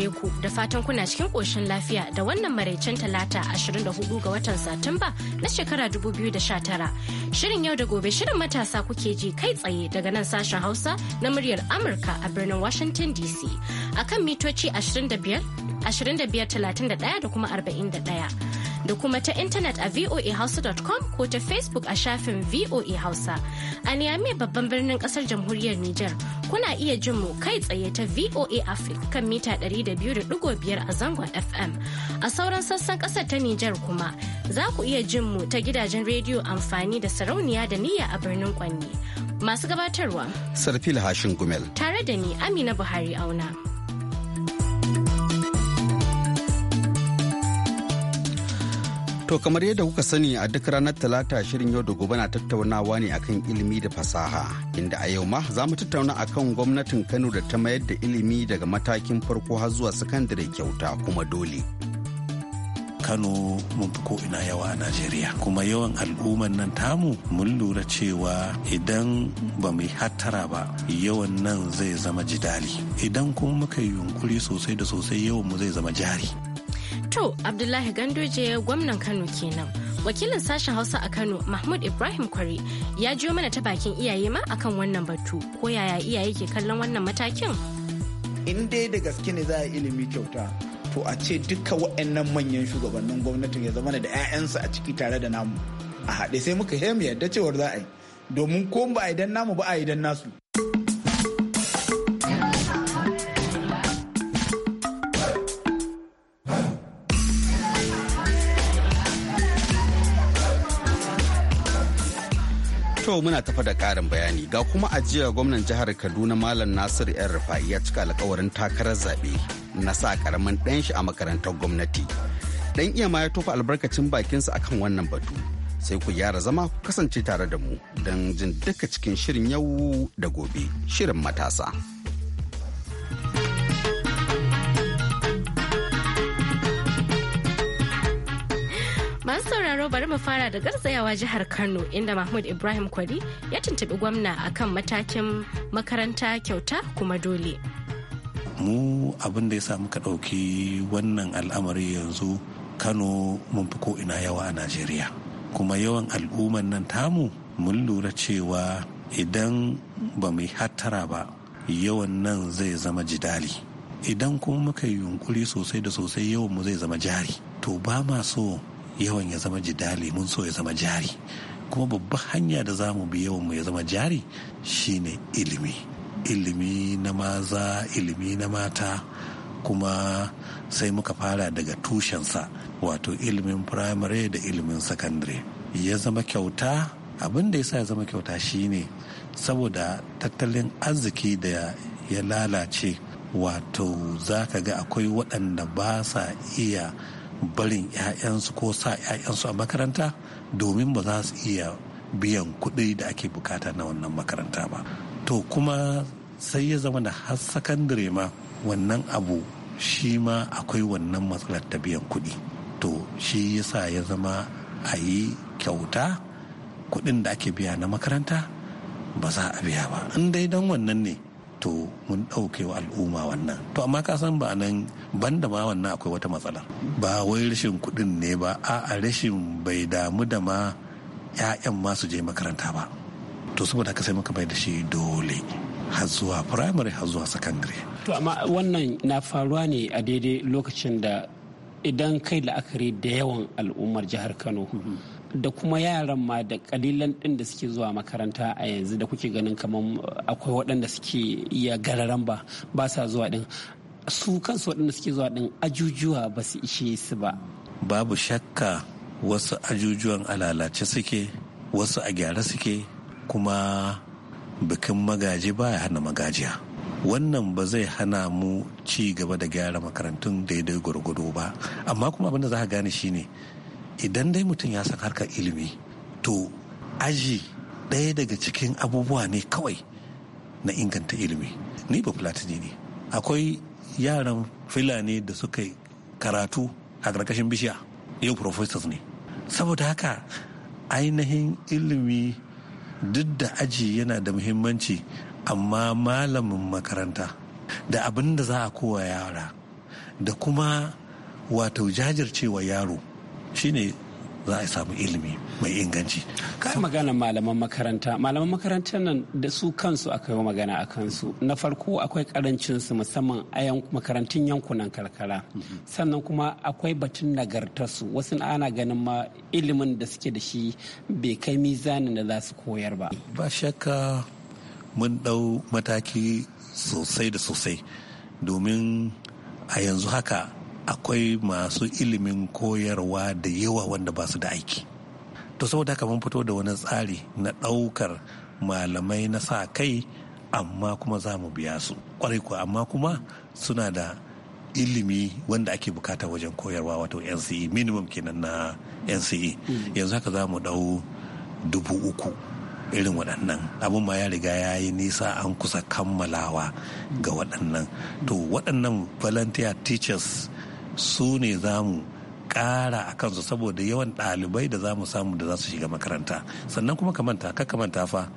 gare ku da fatan kuna cikin ƙoshin lafiya da wannan maraicen talata 24 ga watan Satumba na shekara 2019. Shirin yau da gobe shirin matasa kuke ji kai tsaye daga nan sashen Hausa na muryar Amurka a birnin Washington DC. Akan mitoci 25, 25, 31 da kuma 41. da kuma ta intanet a voahausa.com ko ta Facebook a shafin VOA Hausa. A Niamey babban birnin kasar jamhuriyar Nijar kuna iya jin mu kai tsaye ta VOA Africa kan mita 200.5 a zangon FM. A sauran sassan kasar ta Nijar kuma za ku iya jin mu ta gidajen rediyo amfani da sarauniya da niyya a birnin Kwanne. Masu gabatarwa. Sarfil Hashin Gumel. Tare da ni Amina Buhari Auna. To kamar yadda kuka sani a duk ranar talata shirin yau da gobe na tattaunawa ne akan ilimi da fasaha inda a yau ma za mu tattauna akan gwamnatin Kano da ta mayar da ilimi daga matakin farko har zuwa sakandare kyauta kuma dole. Kano mun fi ko'ina yawa a Najeriya kuma yawan al'ummar nan tamu mun lura cewa idan ba mu hattara ba yawan nan zai zama jidali idan kuma muka yi yunkuri sosai da sosai yawan mu zai zama jari. To, Abdullahi Gandoje gwamnan Kano kenan. Wakilin sashen Hausa a Kano, Mahmud Ibrahim Kwari, ya jiyo mana ta bakin iyaye ma akan wannan batu. Ko yaya iyaye ke kallon wannan matakin? In dai da gaske ne za a ilimi kyauta, to a ce duka waɗannan manyan shugabannin gwamnatin ya zama da 'ya'yansu a ciki tare da namu. A haɗe sai muka hemi yadda cewar za a yi. Domin ko ba a yi don namu ba a yi don nasu. To muna tafa da karin bayani ga kuma ajiya gwamnan jihar Kaduna Malam Nasir yan Rufa'i ya cika alkawarin takarar zaɓe na sa karamin ɗan shi a makarantar gwamnati. Dan iya ma ya tofa albarkacin bakinsa akan wannan batu. Sai ku gyara zama ku kasance tare da mu don jin duka cikin shirin yau da gobe shirin matasa. sauraro bari mu fara da garzayawa jihar Kano inda Mahmud Ibrahim Kwari ya tuntubi gwamna akan matakin makaranta kyauta kuma dole. Mu abin da ya sa muka ɗauki wannan al'amari yanzu Kano mun fi ko ina yawa a Najeriya. Kuma yawan al'ummar nan tamu mun lura cewa idan ba mu hattara ba yawan nan zai zama jidali. Idan kuma muka yi yunkuri sosai da sosai yawan mu zai zama jari. To ba ma so yawan ya zama jidali mun so ya zama jari kuma babban hanya da za mu bi yawan mu ya zama jari shine ilimi ilimi na maza ilimi na mata kuma sai muka fara daga tushensa wato ilimin firamare da ilimin sakandare ya zama kyauta abin da ya sa ya zama kyauta shine saboda tattalin arziki da ya lalace wato za ka ga akwai waɗanda ba sa iya barin 'ya'yansu ko sa 'ya'yansu a makaranta domin ba za su iya biyan kuɗi da ake bukata na wannan makaranta ba to kuma sai ya zama da har sakandare ma wannan abu shi ma akwai wannan matsalar ta biyan kuɗi to shi yasa ya zama a yi kyauta kuɗin da ake biya na makaranta ba za a biya ba in dai don wannan ne to mun ɗauke wa al'umma wannan to amma ka san ba nan ban ma wannan akwai wata matsala ba wai rashin kuɗin ne ba a rashin bai damu da ma 'ya'yan masu je makaranta ba to saboda ka sai muka bai da shi dole har zuwa primary har zuwa secondary to amma wannan na faruwa ne a daidai lokacin da idan kai la'akari da yawan al'ummar jihar kano mm-hmm. da kuma yaran ma da kalilan din da suke zuwa makaranta a yanzu da kuke ganin kamar uh, akwai waɗanda suke iya gararan ba ba sa zuwa din su kansu waɗanda suke zuwa din ajujuwa ba su ishe su ba babu shakka wasu ajujuwan a lalace suke wasu a gyara suke kuma bikin magaji ba ya hana magajiya wannan ba zai hana mu ci gaba da gyara makarantun daidai gwargwado ba amma kuma abin da za ka gane shine idan dai mutum ya san harkar ilimi to aji ɗaya daga cikin abubuwa ne kawai na inganta ilimi ni ba platini ne akwai yaran filani da suka karatu a ƙarƙashin bishiya yau professors ne saboda haka ainihin ilimi duk da aji yana da muhimmanci amma malamin makaranta da abin da za a kowa yara da kuma wato jajircewa yaro shine za a samu ilimi mai inganci. Kai magana malaman makaranta, malaman makaranta nan da su kansu aka yi magana a kansu. Na farko akwai karancin su musamman a makarantun yankunan karkara. Sannan kuma akwai batun nagartarsu wasu ana ganin ma ilimin da suke da shi bai kai mizanin da za su koyar ba. Ba shakka mun ɗau mataki sosai da sosai domin a yanzu haka akwai masu ilimin koyarwa da yawa wanda ba su da aiki to saboda haka mun fito da wani tsari na ɗaukar malamai na sa kai amma kuma za mu biya su kwarai kuwa amma kuma suna da ilimi wanda ake bukata wajen koyarwa wato nce minimum kenan na nce mm. yanzu haka za mu ɗau dubu uku irin waɗannan abin ma ya riga ya yi nisa an kusa kammalawa ga waɗannan to waɗannan volunteer teachers su ne za mu ƙara a kansu saboda yawan ɗalibai da za mu samu da za su shiga makaranta sannan kuma ka manta ka manta fa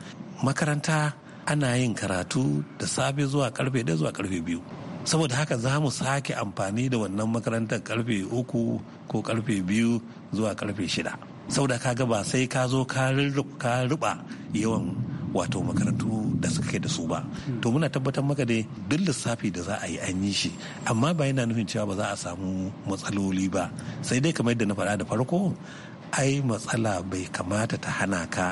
makaranta ana yin karatu da safe zuwa karfe ɗaya zuwa karfe biyu saboda haka za mu sake amfani da wannan makarantar karfe uku ko karfe biyu zuwa karfe shida saboda ka ba sai ka zo ka ruba yawan wato makarantu da suka kai da su ba to muna tabbatar maka dai duk lissafi da za a yi an yi shi amma ba yana nufin cewa ba za a samu matsaloli ba sai dai kamar yadda na faɗa da farko ai matsala bai kamata ta hana ka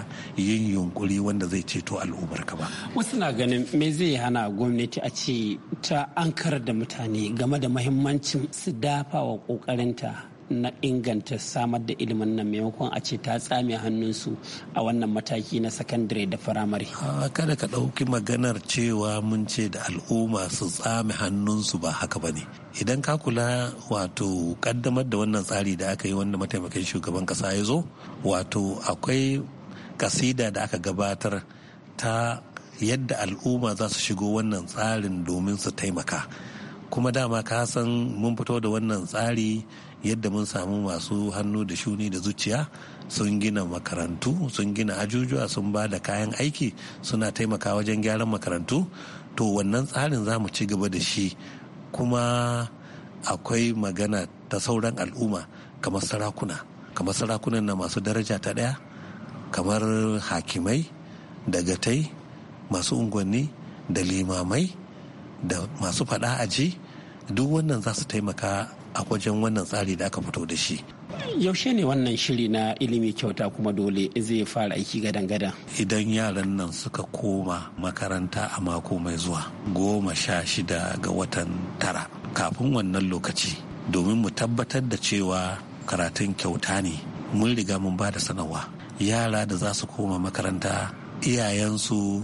yin yunkuri wanda zai ceto al'ummarka ba. Wasu na ganin me zai hana gwamnati a ce ta ankar da mutane game da mahimmancin su dafa wa kokarinta na inganta samar da ilimin nan maimakon a ce ta tsame hannunsu a wannan mataki na sakandare da firamare. kada ka ɗauki maganar cewa mun ce da al'umma su tsame hannunsu ba haka ba ne idan ka kula wato kaddamar da wannan tsari da aka yi wanda mataimakin shugaban kasa ya zo wato akwai kasida da aka gabatar ta yadda al'umma za su shigo wannan tsarin domin su taimaka kuma dama ka san mun fito da wannan tsari yadda mun samu masu hannu da shuni da zuciya sun gina makarantu sun gina ajujuwa sun ba da kayan aiki suna taimaka wajen gyaran makarantu to wannan tsarin za mu ci gaba da shi kuma akwai magana ta sauran al'umma kamar sarakuna kamar sarakunan na masu daraja ta ɗaya kamar hakimai dagatai masu unguwanni da limamai da masu faɗa aji duk wannan za su taimaka a wajen wannan tsari da aka fito da shi yaushe ne wannan shiri na ilimi kyauta kuma dole zai fara aiki gadan-gadan idan yaran nan suka koma makaranta a mako mai zuwa goma sha shida ga watan tara kafin wannan lokaci domin mu tabbatar da cewa karatun kyauta ne mun riga mun ba da sanarwa yara da za su koma makaranta iyayensu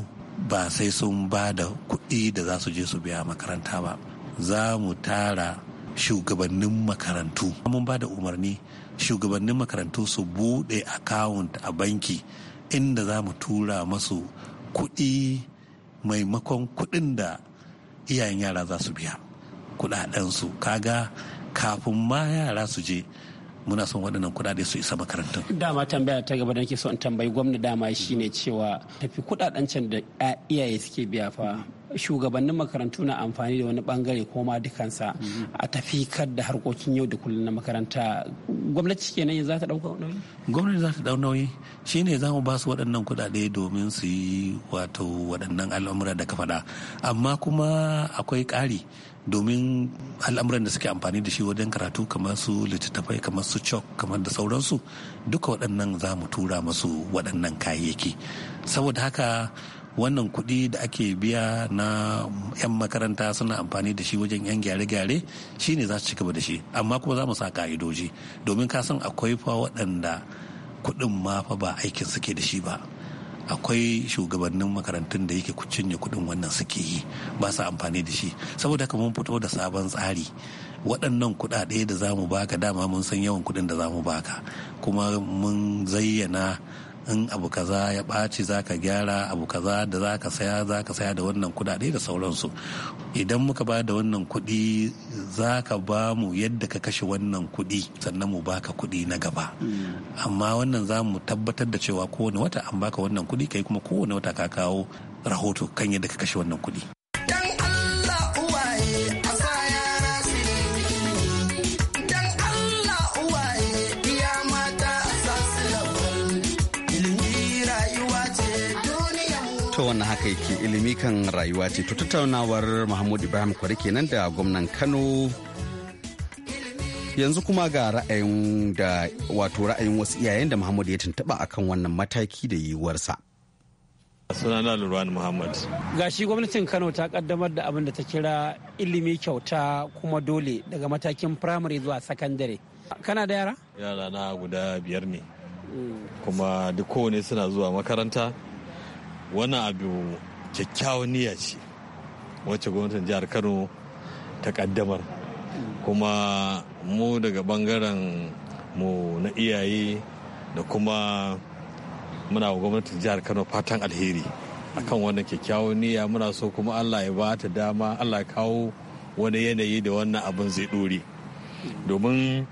ba sai sun ba da kuɗi da za su je su biya makaranta ba za mu tara shugabannin makarantu mun ba da umarni shugabannin makarantu su buɗe akawunt a banki inda za mu tura masu kuɗi maimakon kuɗin da iyayen yara za su biya kuɗaɗensu kaga kafin ma yara su je muna son waɗannan kuɗaɗe su isa makarantun. Dama tambaya ta gaba da nake so tambayi gwamna dama shine cewa tafi kuɗaɗen can da iyaye suke biya fa shugabannin makarantu na amfani da wani bangare ko ma dukansa a tafi kar da harkokin yau da kullum na makaranta gwamnati kenan za ta dauka nauyi gwamnati za ta dauka nauyi shine za mu ba su waɗannan kuɗaɗe domin su yi wato waɗannan al'amura da ka faɗa amma kuma akwai ƙari domin al'amuran da suke amfani da shi wajen karatu kamar su littattafai kamar su chalk kamar da sauransu duka waɗannan za mu tura masu waɗannan kayayyaki saboda haka wannan kuɗi da ake biya na 'yan makaranta suna amfani da shi wajen 'yan gyare-gyare shi ne za su cigaba da shi amma kuma za mu sa ka'idoji domin ka san akwai fa waɗanda kuɗin ma fa ba aikin suke da shi ba akwai shugabannin makarantun da yake cinye kuɗin wannan suke yi ba su amfani da shi saboda haka mun fito da sabon tsari waɗannan kuɗaɗe da za mu baka dama mun san yawan kuɗin da za mu baka kuma mun zayyana in abu kaza ya ɓaci za ka gyara abu kaza da za ka saya za ka saya da wannan kudade da sauransu idan muka ba da wannan kuɗi za ka ba mu yadda ka kashe wannan kuɗi sannan mu baka kuɗi na gaba mm. amma wannan za mu tabbatar da cewa kowane wata an baka wannan kuɗi kai kuma kowane wata ka kawo rahoto kan yadda ka kashe wannan kuɗi to wannan haka yake ilimi kan rayuwa ce to tattaunawar mahmud ibrahim kwari kenan da gwamnan kano yanzu kuma ga ra'ayin da wato ra'ayin wasu iyayen da mahmud ya tuntuɓa akan wannan mataki da yiwuwarsa na lurwan muhammad gashi gwamnatin kano ta kaddamar da abin da ta kira ilimi kyauta kuma dole daga matakin firamare zuwa sakandare kana da yara yara na guda biyar ne mm. kuma duk kowane suna zuwa makaranta wani abu kyakkyawan niyya ce wacce gwamnatin jihar kano ta kaddamar kuma mu daga bangaren mu na iyaye da kuma muna wa gwamnatin jihar kano fatan alheri akan wannan kyakkyawan niyya muna so kuma allah ya bata dama allah ya kawo wani yanayi da wannan abin zai dore domin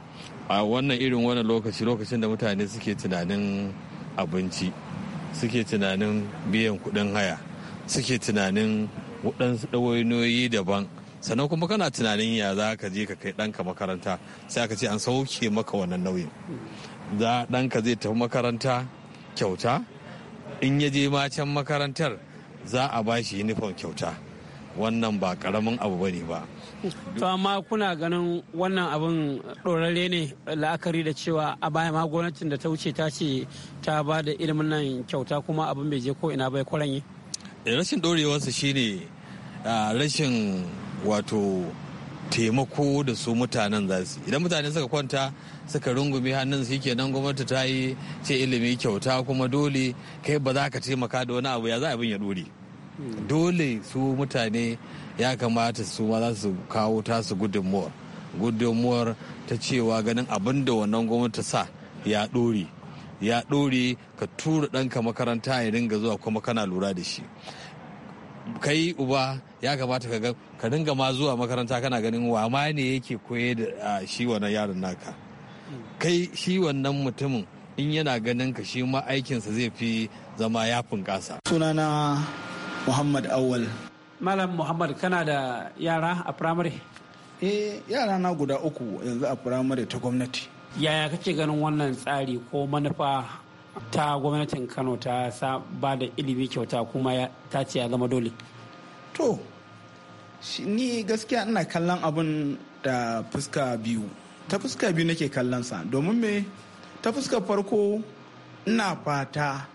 a wannan irin wannan lokaci lokacin da mutane suke tunanin abinci suke tunanin biyan kuɗin haya suke tunanin waɗansu ɗawainoyi daban sannan kuma kana tunanin ya za ka je ka kai ɗanka makaranta sai aka ce an sauke maka wannan nauyin za ɗanka zai tafi makaranta kyauta in ya je ma makarantar za a bashi shi kyauta wannan ba karamin abu bane ba to amma kuna ganin wannan abin ɗorarre ne la'akari da cewa a baya ma gwamnatin da ta wuce ta ce ta ba da ilimin nan kyauta kuma abin bai je ko ina bai kwaranye eh, rashin ɗorewarsa shine rashin wato taimako da su mutanen za su idan mutane suka kwanta suka rungume hannun su nan gwamnati ta yi ce ilimi kyauta kuma dole kai ba za ka taimaka da wani abu ya za abin ya dore dole su mutane ya kamata su ma za su kawo tasu gudunmuwar gudunmuwar ta cewa ganin abin da wannan gwamnati sa ya ɗore ya ɗore ka tura ɗanka makaranta ya dinga zuwa kuma kana lura da shi kai uba ya kamata ka ka dinga ma zuwa makaranta kana ganin wa ma ne yake koye da shi wannan yaron naka kai shi wannan mutumin in yana ganin ka shi ma aikinsa zai fi zama ya kasa. sunana Muhammad Awal. Malam Muhammad kana da yara a firamare? Eh yara na guda uku yanzu a firamare ta gwamnati. Yaya kake ganin wannan tsari ko manufa ta gwamnatin Kano ta ba da ilimi kyauta kuma ta ce ya zama dole? To, ni gaskiya ina kallon abun da fuska biyu. Ta fuska biyu nake kallon sa domin me ta fuska farko ina fata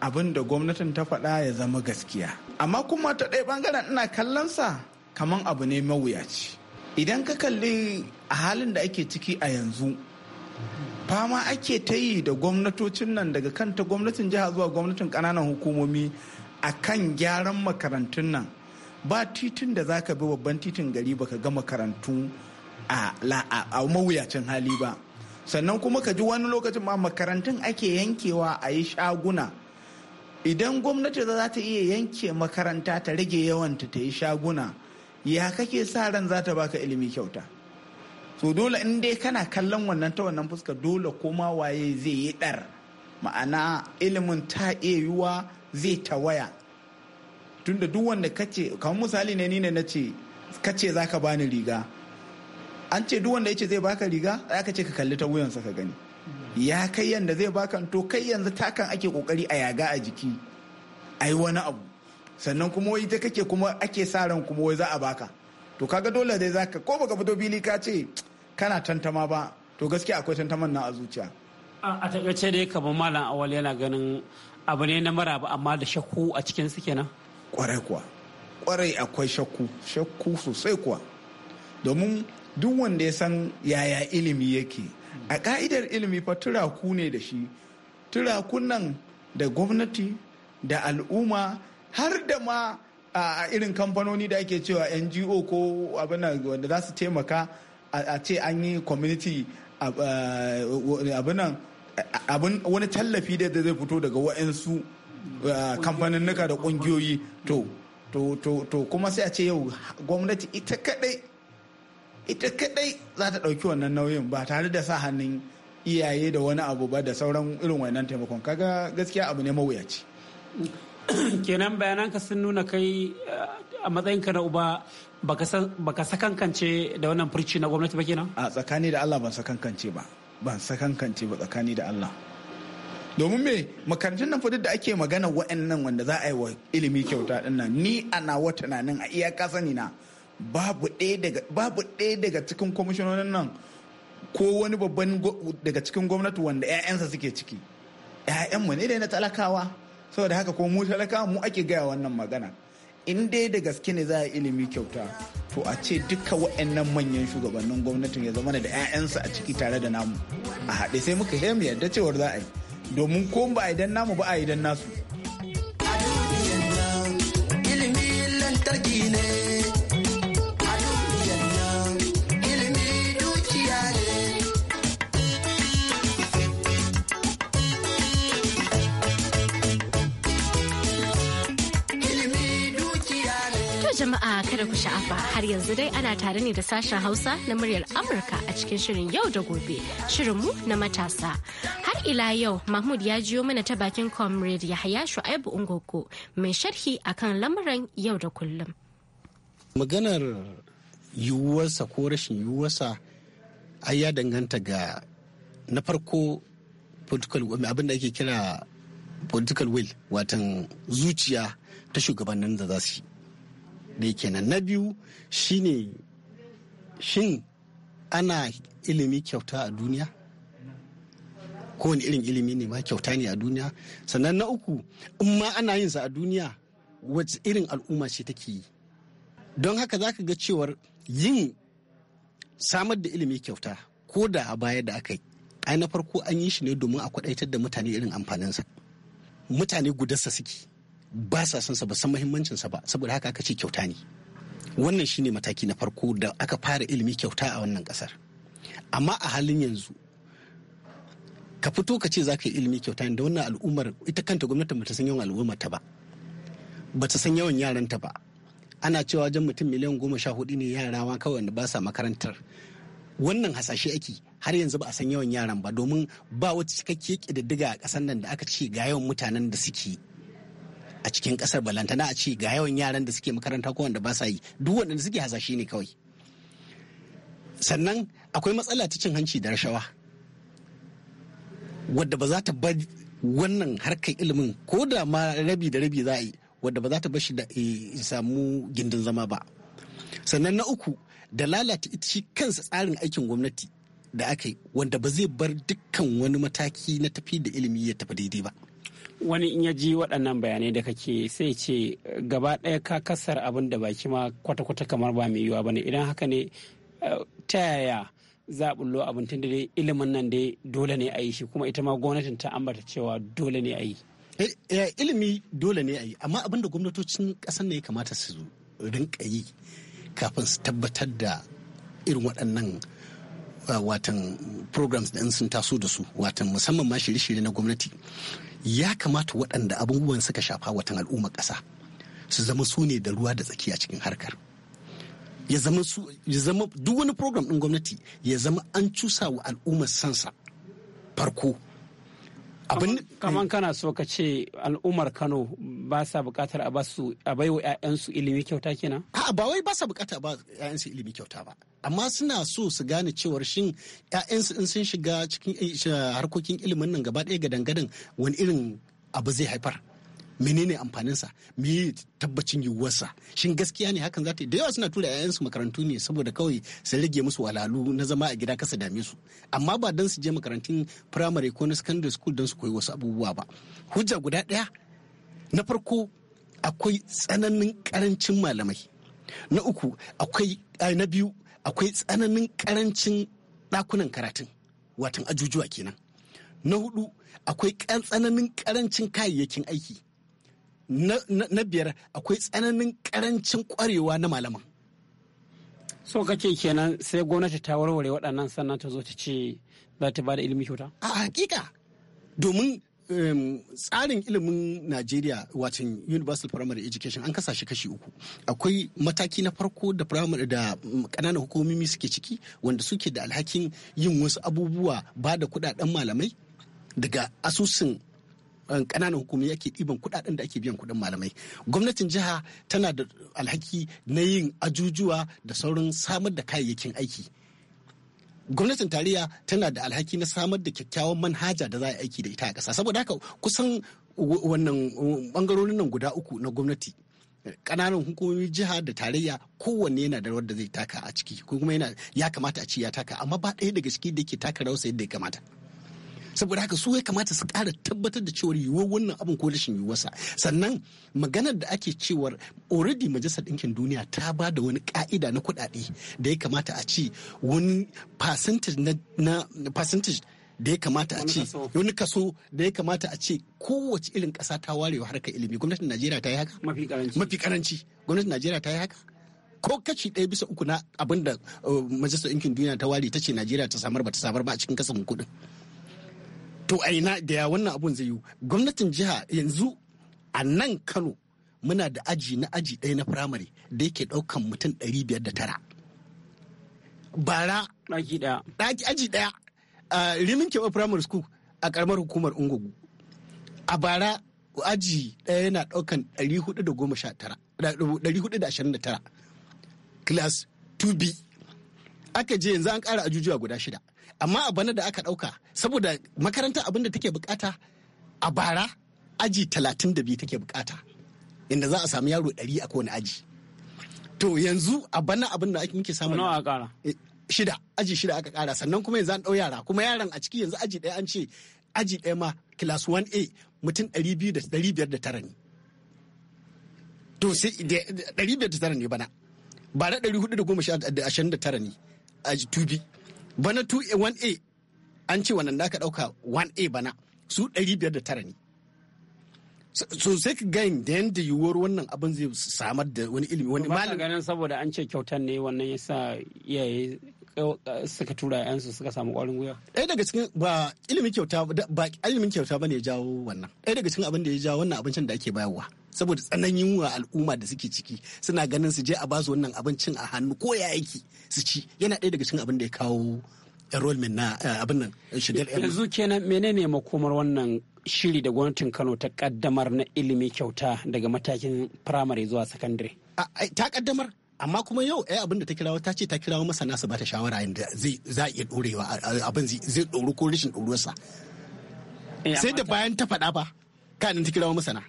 abin da gwamnatin ta faɗa ya zama gaskiya amma kuma ta ɗaya ɓangaren ina kallon sa kamar abu ne mawuyaci idan ka kalli a halin da ake ciki a yanzu fama ake ta yi da gwamnatocin nan daga kanta gwamnatin jiha zuwa gwamnatin ƙananan hukumomi a kan gyaran makarantun nan ba titin da za ka bi babban titin gari baka ga makarantu a mawuyacin hali ba sannan kuma ka ji wani lokacin ma makarantun ake yankewa a yi shaguna idan gwamnati za ta iya yanke makaranta ta rage yawan ta yi shaguna ya kake sa ran za ta baka ilimi kyauta so dole in dai kana kallon wannan ta wannan fuska dole koma waye zai yi dar ma'ana ilimin ta iya yiwa zai tawaya tunda duk wanda kace kamar misali ne ni ne na ce kace za ka bani riga an ce duk wanda ya ce zai baka riga za ka ce ka kalli ta wuyansa ka gani ya kai yanda zai baka to kai yanzu takan ake kokari a yaga a jiki a yi wani abu sannan kuma wai ta kake kuma ake sa ran kuma wai za a baka to kaga dole dai zaka ko baka fito bili ka ce kana tantama ba to gaskiya akwai tantaman na a zuciya a takaice dai kamar malam awal yana ganin abu ne na maraba amma da shakku a cikin su kenan kwarai kuwa kwarai akwai shakku shakku sosai kuwa domin duk wanda ya san yaya ilimi yake a ka'idar ilimi fa turaku ne da shi turakun nan da gwamnati da al'umma har da ma a irin kamfanoni da ake cewa ngo ko abin wanda za su taimaka a ce an yi community abin wani tallafi da zai fito daga wa'ansu kamfanin da kungiyoyi to to kuma sai a ce yau gwamnati ita kadai ita kadai za ta ɗauki wannan nauyin ba tare da sa hannun iyaye da wani abu ba da sauran irin wannan taimakon kaga gaskiya abu ne mawuyaci kenan bayananka sun nuna kai eh, a matsayinka na uba baka sakankance da wannan furci na gwamnati ba kenan a tsakani da Allah ban sakankance ba ban sakankance ba tsakani da Allah domin me makarantun nan fudud da ake magana wa'annan wanda za a yi wa ilimi kyauta dinnan ni ana nawa tunanin a iya kasani na babu ɗaya daga cikin kwamishinonin nan ko wani babban daga cikin gwamnati wanda 'ya'yansa suke ciki mu ne da na talakawa saboda haka ko mu talakawa mu ake gaya wannan magana in dai da gaske ne za a ilimi kyauta to a ce duka wa'annan manyan shugabannin gwamnatin ya zama da 'ya'yansa a ciki tare da namu a haɗe sai muka mu yadda cewar za a yi domin ko ba a idan namu ba a idan nasu ilimi lantarki ne Jama'a kada ku sha'afa har yanzu dai ana tare ne da sashen Hausa na muryar Amurka a cikin shirin yau da gobe shirinmu na matasa. Har ila yau Mahmud ya jiyo mana ta bakin comrade Yahaya Shu'aibu Ungogo mai sharhi akan lamuran yau da kullum. Maganar yiwuwarsa ko rashin yiwuwarsa ai ya danganta ga na farko abin da ake kira political will watan zuciya ta shugabannin da za su yi da kenan na biyu shine shin ana ilimi kyauta a duniya wani irin ilimi ne ma kyauta ne a duniya sannan na uku in ma ana yin sa a duniya wacce irin al'umma ce take yi don haka za ka ga cewar yin samar da ilimi kyauta ko da a baya da aka yi ai na farko an yi shi ne domin a kwadaitar da mutane irin amfaninsa mutane gudarsa suke ba sa son sa ba san muhimmancin sa ba saboda haka aka ce kyauta ne wannan shine mataki na farko da aka fara ilimi kyauta a wannan kasar amma a halin yanzu ka fito ka ce za ka yi ilimi kyauta da wannan al'ummar ita kanta gwamnatin bata san yawan al'ummar ta ba bata san yawan yaranta ba ana cewa wajen mutum miliyan goma sha hudu ne yara ma kawai wanda ba sa makarantar wannan hasashe ake har yanzu ba a san yawan yaran ba domin ba wata cikakke kididdiga a ƙasar nan da aka ce ga yawan mutanen da suke a cikin kasar balantana a ce ga yawan yaran da suke makaranta ko wanda ba sa yi duk wanda suke hasashe ne kawai sannan akwai matsala ta cin hanci da rashawa wadda ba za ta bar wannan harkar ilimin ko da ma rabi da rabi za a yi wadda ba za ta bar shi da eh, samu gindin zama ba sannan na uku da lalata ita shi kansa tsarin aikin gwamnati da aka yi wanda ba zai bar dukkan wani mataki na tafi da ilimi ya tafi daidai ba wani in ya ji waɗannan bayanai da kake sai ce gaba ɗaya ka kasar abin da baki ma kwata-kwata kamar ba mai yiwuwa bane idan haka ne eh, ta yaya za a bullo abin tun da dai ilimin nan dai dole ne a yi shi kuma ita ma gwamnatin ta ambata cewa dole ne a yi. Eh, eh, ilimi dole ne a yi amma abin da gwamnatocin ƙasar ne ya kamata su rinka yi kafin su tabbatar da irin waɗannan watan programs da sun taso da su watan musamman ma shirye-shirye na gwamnati ya kamata waɗanda abubuwan suka shafa watan al'ummar ƙasa su zama su ne da ruwa da tsaki cikin harkar ya zama ya zama duk wani program ɗin gwamnati ya zama an cusa wa al'ummar sansa farko kaman kana so ka ce al'ummar kano ba sa bukatar a basu a baiwa 'ya'yansu ilimi kyauta kenan a'a ba wai ba sa bukatar ba 'ya'yansu ilimi kyauta ba amma suna so su gane cewar shin 'ya'yansu in sun shiga cikin eh, harkokin ilimin nan gaba ɗaya ga gadan wani irin abu zai haifar menene sa me tabbacin yiwuwarsa shin gaskiya ne hakan zata yi da yawa suna tura 'ya'yansu makarantu ne saboda kawai sai rage musu walalu na zama a gida kasa dame su amma ba don su je makarantun firamare ko na secondary school don su koyi wasu abubuwa ba hujja guda ɗaya na farko akwai tsananin karancin malamai na uku akwai eh, na biyu akwai tsananin karancin ɗakunan karatun watan ajujuwa kenan na hudu akwai tsananin karancin kayayyakin aiki na biyar akwai tsananin karancin kwarewa na malaman so kake kenan sai gwamnati ta warware waɗannan sannan ta zo ta ce za ta bada ilimin kyauta a hakika domin tsarin ilimin najeriya watan universal primary education an kasa shi kashi uku akwai mataki na farko da primary da ƙananan hukumomi suke ciki wanda suke da alhakin yin wasu abubuwa ba da kudaden malamai daga asusun kananan eh, hukumomi ake ɗiban kuɗaɗen da ake biyan kuɗin malamai gwamnatin jiha tana da alhaki na yin ajujuwa da saurin samar da kayayyakin aiki gwamnatin tarayya tana da alhaki na samar da kyakkyawan manhaja da za a aiki da ita a ƙasa saboda haka kusan wannan ɓangarorin nan guda uku na gwamnati ƙananan hukumomin jiha da tarayya kowanne yana da rawar da zai taka a ciki kuma yana ya kamata a ci ya taka amma ba ɗaya daga ciki da ke taka sa yadda ya kamata. saboda haka su ya kamata su kara tabbatar da cewar yiwuwar wannan abin ko rashin yiwuwarsa sannan maganar da ake cewar already majalisar ɗinkin duniya ta ba da wani ka'ida na kuɗaɗe da ya kamata a ci wani percentage na percentage da ya kamata a ce wani kaso da ya kamata a ce kowace irin ƙasa ta warewa harkar ilimi gwamnatin najeriya ta yi haka mafi karanci gwamnatin najeriya ta yi haka ko kaci ɗaya bisa uku na abinda da uh, majalisar ɗinkin duniya ta ware ta ce najeriya ta samar ba ta samar ba a cikin kasafin kuɗin to a ina da ya wannan abun zai yi gwamnatin jiha yanzu a nan kano muna da aji na aji ɗaya na firamare da yake ɗaukan mutum ɗari biyar da tara bara ɗaki ɗaya aji ɗaya a rimin keɓe firamare school a ƙaramar hukumar ungugu a bara aji ɗaya yana ɗaukan ɗari hudu da goma sha tara ɗari hudu da ashirin da tara class 2b aka je yanzu an ƙara ajujuwa guda shida amma a bana da aka ɗauka saboda makaranta abin da take bukata a bara aji talatin da biyu take bukata inda za a sami yaro ɗari a kowane aji to yanzu a bana abin da muke samu nawa ƙara eh, shida aji shida aka ƙara sannan kuma yanzu an ɗau yara kuma yaran a ciki yanzu aji ɗaya an ce aji ɗaya ma class 1a mutum ɗari biyu da ɗari biyar da tara ne to sai ɗari biyar da tara ne bana bara ɗari hudu da goma ashirin da tara ne aji tubi bana 2A 1a an ce wannan da aka ɗauka 1a bana su 509 ne so sai ka gani da yadda yiwuwar wannan abin zai samar da wani ilimi wani malami ganin saboda an ce kyautar ne wannan ya sa iyaye suka tura yansu suka samu kwarin gwiwa ɗaya daga cikin ba ilimin kyauta ba ilimin kyauta bane ya jawo wannan ɗaya daga cikin abin da ya jawo wannan abincin da ake bayarwa saboda tsananin yunwa al'umma da suke ciki suna ganin su je a basu wannan abincin a hannu ko ya aiki su ci yana ɗaya daga cikin abin da ya kawo enrollment na eh, abin nan eh, shigar yanzu kenan menene makomar wannan shiri da gwamnatin Kano ta kaddamar na ilimi kyauta daga matakin firamare zuwa sakandare ta kaddamar amma kuma yau ai eh, abin da ta kirawo ta ce ta kirawo masana su bata shawara yadda zai za iya dorewa abin zai doru ko rashin doruwarsa sai da bayan ta faɗa ba kanin ta kirawo masana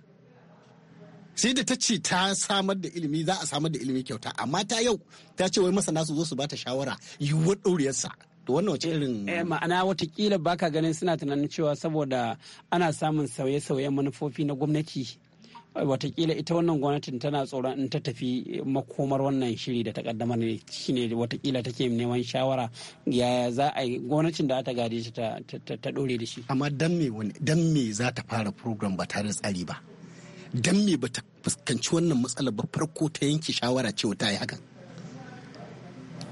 sai da ta ce ta samar da ilimi za a samar da ilimi kyauta amma ta yau ta ce wai masana su zo su bata shawara yiwuwar doruwarsa to wannan wace irin eh, ma'ana watakila baka ganin suna tunanin cewa saboda ana samun sauye-sauyen manufofi na gwamnati watakila ita wannan gwamnatin tana tsoron in ta tafi makomar wannan shiri da ta kaddamar ne shine watakila take neman shawara yaya za a yi gwamnatin da ta gade shi ta dore da shi amma dan me wani dan me za ta fara program ba tare da tsari ba dan me ba ta fuskanci wannan matsalar ba farko ta yanke shawara cewa ta yi hakan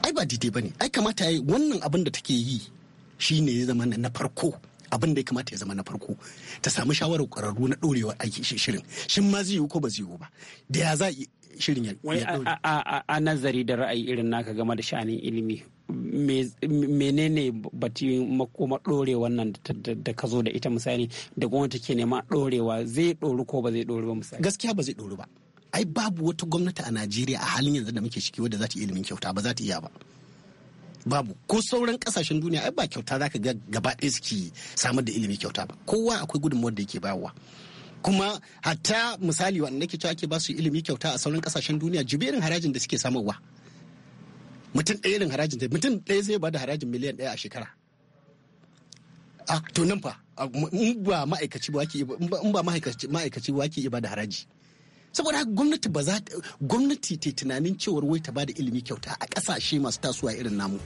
ai ba daidai ba ne ai kamata ya wannan abin da take yi shine ya zama na farko abin da ya kamata ya zama na farko ta samu shawarar ƙwararru na ɗorewar aiki shirin shin ma zai yiwu ko ba zai yiwu ba da ya za shirin ya ɗore. a nazari da ra'ayi irin naka game da sha'anin ilimi menene batu makoma ɗore wannan da ka zo da ita misali da gwamnati ke nema ɗorewa zai ɗoru ko ba zai ɗoru ba misali gaskiya ba zai ɗoru ba ai babu wata gwamnati a najeriya a halin yanzu da muke ciki wadda za ta ilimin kyauta ba za ta iya ba babu ko sauran kasashen duniya ai ba kyauta zaka ga gaba ɗaya suke samar da ilimi kyauta ba kowa akwai gudunmawar da yake bayarwa kuma hatta misali wanda nake cewa ake ba su ilimi kyauta a sauran kasashen duniya jibirin harajin da suke samarwa mutum ɗaya irin harajin da mutum ɗaya zai ba da harajin miliyan ɗaya a shekara a to nan fa in ba ma'aikaci ba ke in ba ma'aikaci ba ke iya ba da haraji saboda gwamnati ba za gwamnati ta tunanin cewar wai ta ba da ilimi kyauta a kasashe masu tasowa irin namu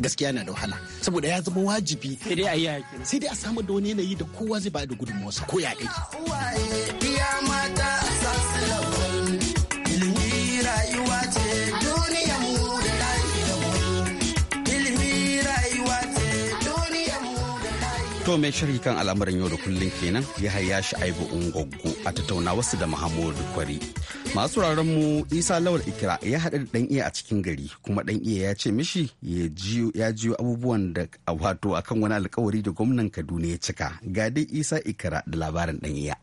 gaskiya na da wahala saboda ya zama wajibi sai dai a yi sai dai a samar da wani yanayi da kowa zai ba da gudunmawarsa ko ya kake To mai shirki kan al'amuran yau da kullum kenan ya haya shi aibu ungoggo a tattauna wasu da Muhammadu Kwari. Masu mu Isa Lawal Ikira ya haɗa da ɗan iya a cikin gari kuma ɗan iya ya ce mishi ya jiyo abubuwan da wato akan wani alkawari da gwamnan Kaduna ya cika. Ga dai Isa Ikira da labarin ɗan iya.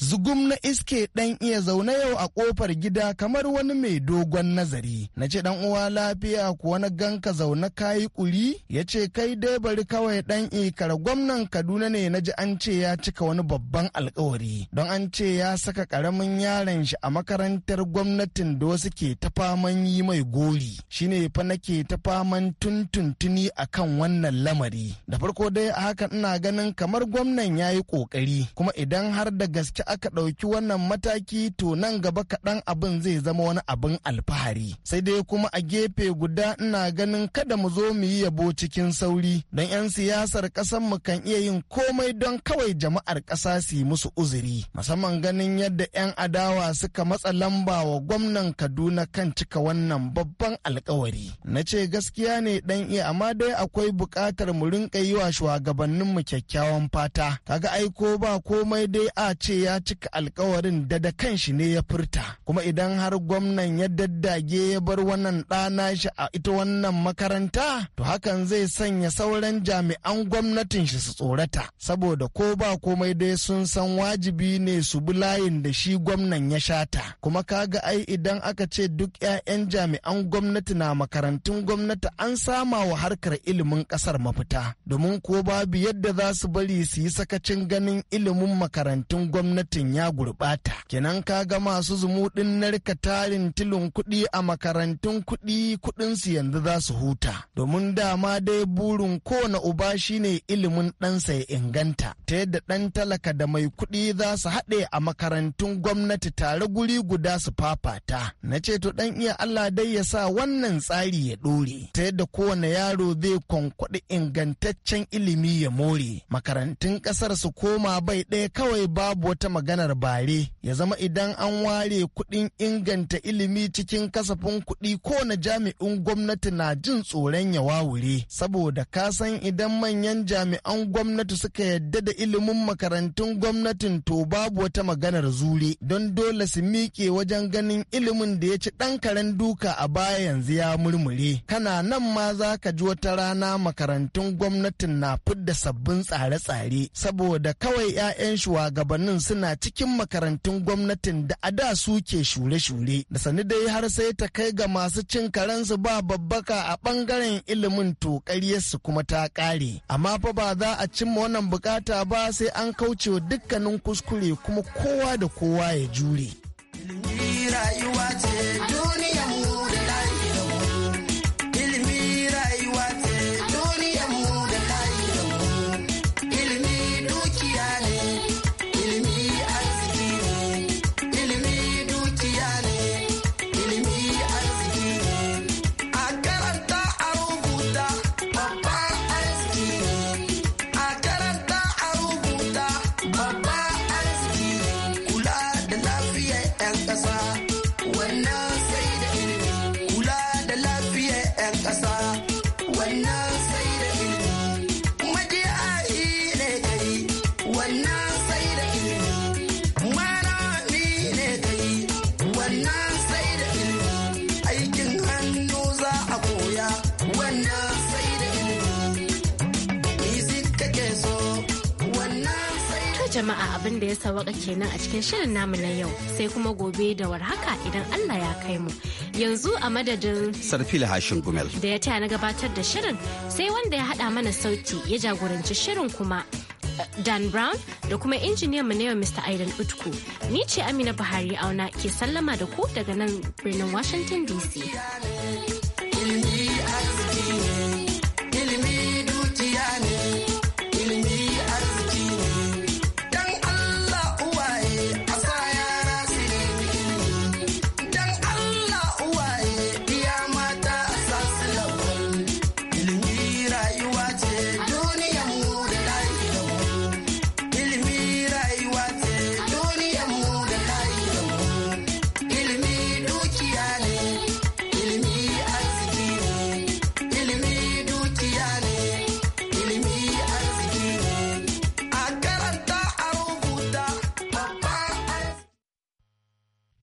zugum na iske ɗan iya zaune yau a ƙofar gida kamar wani mai dogon nazari na ce ɗan uwa lafiya kuwa na ganka zaune kayi ƙuri ya ce kai dai bari kawai ɗan ikar gwamnan kaduna ne na ji an ce ya cika wani babban alkawari don an ce ya saka ƙaramin yaron shi a makarantar gwamnatin da wasu ke ta faman yi mai gori shine fa nake ta faman tuntuntuni akan wannan lamari da farko dai a haka ina ganin kamar gwamnan yayi yi kuma idan har da gaske aka ɗauki wannan mataki to nan gaba kaɗan abin zai zama wani abin alfahari sai dai kuma a gefe guda ina ganin kada mu zo mu yi yabo cikin sauri don 'yan siyasar ƙasar mu kan iya yin komai don kawai jama'ar ƙasa su yi musu uzuri musamman ganin yadda 'yan adawa suka matsa lamba wa gwamnan kaduna kan cika wannan babban alkawari na ce gaskiya ne dan iya amma dai akwai buƙatar mu rinka yi wa shugabanninmu kyakkyawan fata kaga aiko ba komai dai a ce ya ya cika alkawarin da da kanshi ne ya furta kuma idan har gwamnan ya daddage ya bar wannan ɗana shi a ita wannan makaranta to hakan zai sanya sauran jami'an gwamnatin shi su tsorata saboda ko ba komai dai sun san wajibi ne su bi layin da shi gwamnan ya shata kuma kaga ai idan aka ce duk 'ya'yan jami'an gwamnati na makarantun gwamnati an sama wa harkar ilimin ƙasar mafita domin ko babu yadda za su bari su yi sakacin ganin ilimin makarantun gwamnati gwamnatin ya gurɓata kenan ka ga masu zumuɗin narka tarin tilin kuɗi a makarantun kuɗi kuɗinsu yanzu za su huta domin dama dai burin kowane uba shine ilimin ɗansa ya inganta ta yadda ɗan talaka da mai kuɗi za su haɗe a makarantun gwamnati tare guri guda su fafata na ce to ɗan iya Allah dai ya sa wannan tsari ya ɗore ta yadda kowane yaro zai kwankwaɗi ingantaccen ilimi ya more makarantun ƙasar su koma bai ɗaya kawai babu wata maganar bare ya zama idan an ware kuɗin inganta ilimi cikin kasafin kuɗi ko na jami'in gwamnati na jin tsoron ya wawure saboda kasan idan manyan jami'an gwamnati suka yadda da ilimin makarantun gwamnatin to babu wata maganar zure don dole su miƙe wajen ganin ilimin da ya ci ɗan karen duka a baya yanzu ya murmure kana nan ma za ka ji wata rana makarantun gwamnatin na fidda sabbin tsare-tsare saboda kawai 'ya'yan shugabannin suna na cikin makarantun gwamnatin da a da su ke shure-shure da sani dai har sai ta kai ga masu cin karensu ba babbaka a bangaren ilimin to su kuma ta kare amma fa ba za a cimma wannan bukata ba sai an kaucewa dukkanin kuskure kuma kowa da kowa ya jure rayuwa sawaka kenan a cikin shirin namu na yau sai kuma gobe da warhaka idan Allah ya kai mu. Yanzu a madadin Sarfila Hashin Gumel da ya taya na gabatar da shirin sai wanda ya hada mana sauti ya jagoranci shirin kuma eh, Dan Brown da kuma injiniyan mu na yau Mr. Aidan Utku. Ni ce Amina Buhari auna ke sallama da ku daga nan birnin Washington DC.